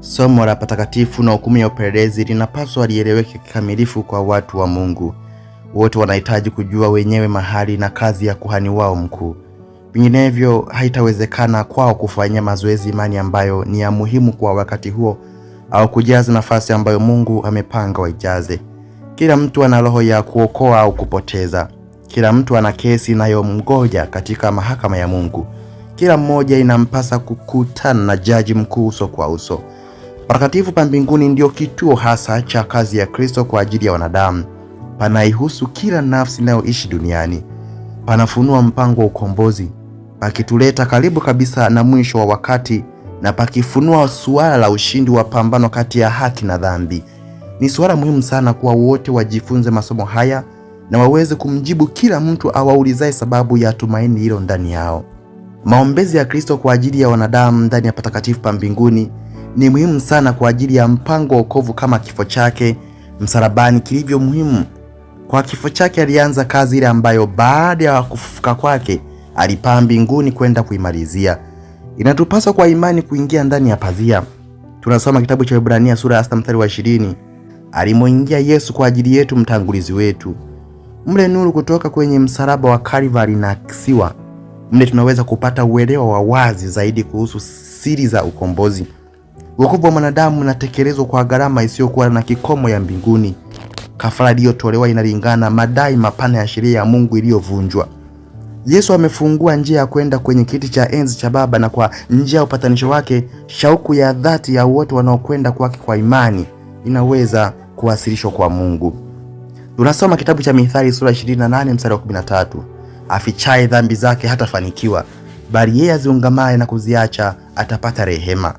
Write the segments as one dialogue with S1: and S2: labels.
S1: Somo la patakatifu na hukumu ya upelelezi linapaswa lieleweke kikamilifu kwa watu wa Mungu. Wote wanahitaji kujua wenyewe mahali na kazi ya kuhani wao mkuu, vinginevyo haitawezekana kwao kufanyia mazoezi imani ambayo ni ya muhimu kwa wakati huo au kujaza nafasi ambayo Mungu amepanga waijaze. Kila mtu ana roho ya kuokoa au kupoteza. Kila mtu ana kesi inayomgoja katika mahakama ya Mungu kila mmoja inampasa kukutana na jaji mkuu uso kwa uso. Patakatifu pa mbinguni ndiyo kituo hasa cha kazi ya Kristo kwa ajili ya wanadamu. Panaihusu kila nafsi inayoishi duniani, panafunua mpango wa ukombozi, pakituleta karibu kabisa na mwisho wa wakati na pakifunua suala la ushindi wa pambano kati ya haki na dhambi. Ni suala muhimu sana kuwa wote wajifunze masomo haya na waweze kumjibu kila mtu awaulizaye sababu ya tumaini hilo ndani yao. Maombezi ya Kristo kwa ajili ya wanadamu ndani ya patakatifu pa mbinguni ni muhimu sana kwa ajili ya mpango wa wokovu kama kifo chake msalabani kilivyo muhimu. Kwa kifo chake alianza kazi ile ambayo baada ya kufufuka kwake alipaa mbinguni kwenda kuimalizia. Inatupaswa kwa imani kuingia ndani ya pazia. Tunasoma kitabu cha Ibrania sura ya 6 mstari wa 20, alimwingia Yesu kwa ajili yetu, mtangulizi wetu. Mle nuru kutoka kwenye msalaba wa Kalvari na mle tunaweza kupata uelewa wa wazi zaidi kuhusu siri za ukombozi. Wokovu wa mwanadamu unatekelezwa kwa gharama isiyokuwa na kikomo ya mbinguni. Kafara iliyotolewa inalingana madai mapana ya sheria ya Mungu iliyovunjwa. Yesu amefungua njia ya kwenda kwenye kiti cha enzi cha Baba, na kwa njia ya upatanisho wake, shauku ya dhati ya wote wanaokwenda kwake kwa imani inaweza kuwasilishwa kwa Mungu. Tunasoma kitabu cha Mithali sura 28 mstari wa 13 afichaye dhambi zake hatafanikiwa, bali yeye aziungamaye na kuziacha atapata rehema.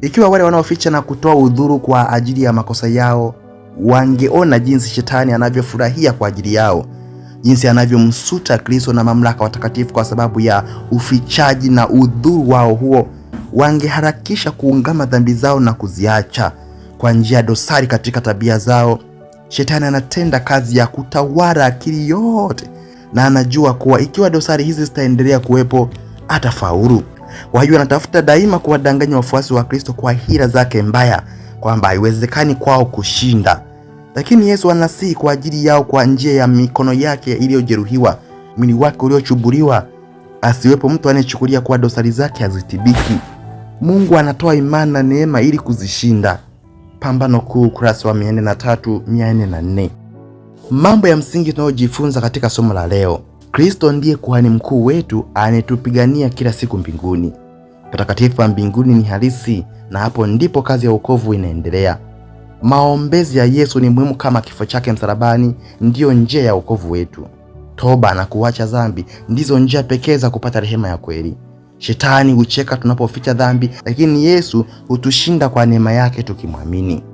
S1: Ikiwa wale wanaoficha na kutoa udhuru kwa ajili ya makosa yao wangeona jinsi shetani anavyofurahia kwa ajili yao, jinsi anavyomsuta Kristo na mamlaka watakatifu kwa sababu ya ufichaji na udhuru wao huo, wangeharakisha kuungama dhambi zao na kuziacha. Kwa njia dosari katika tabia zao, shetani anatenda kazi ya kutawala akili yote na anajua kuwa ikiwa dosari hizi zitaendelea kuwepo atafaulu. Kwa hiyo anatafuta daima kuwadanganya wafuasi wa Kristo kwa hila zake mbaya kwamba haiwezekani kwao kushinda, lakini Yesu anasihi kwa ajili yao kwa njia ya mikono yake iliyojeruhiwa, mwili wake uliochubuliwa, asiwepo mtu anayechukulia kuwa dosari zake hazitibiki. Mungu anatoa imani na neema ili kuzishinda. Pambano Kuu, ukurasa wa 403 404. Mambo ya msingi tunayojifunza katika somo la leo: Kristo ndiye kuhani mkuu wetu anayetupigania kila siku mbinguni. Patakatifu pa mbinguni ni halisi, na hapo ndipo kazi ya wokovu inaendelea. Maombezi ya Yesu ni muhimu kama kifo chake msalabani ndiyo njia ya wokovu wetu. Toba na kuacha dhambi ndizo njia pekee za kupata rehema ya kweli. Shetani hucheka tunapoficha dhambi, lakini Yesu hutushinda kwa neema yake tukimwamini.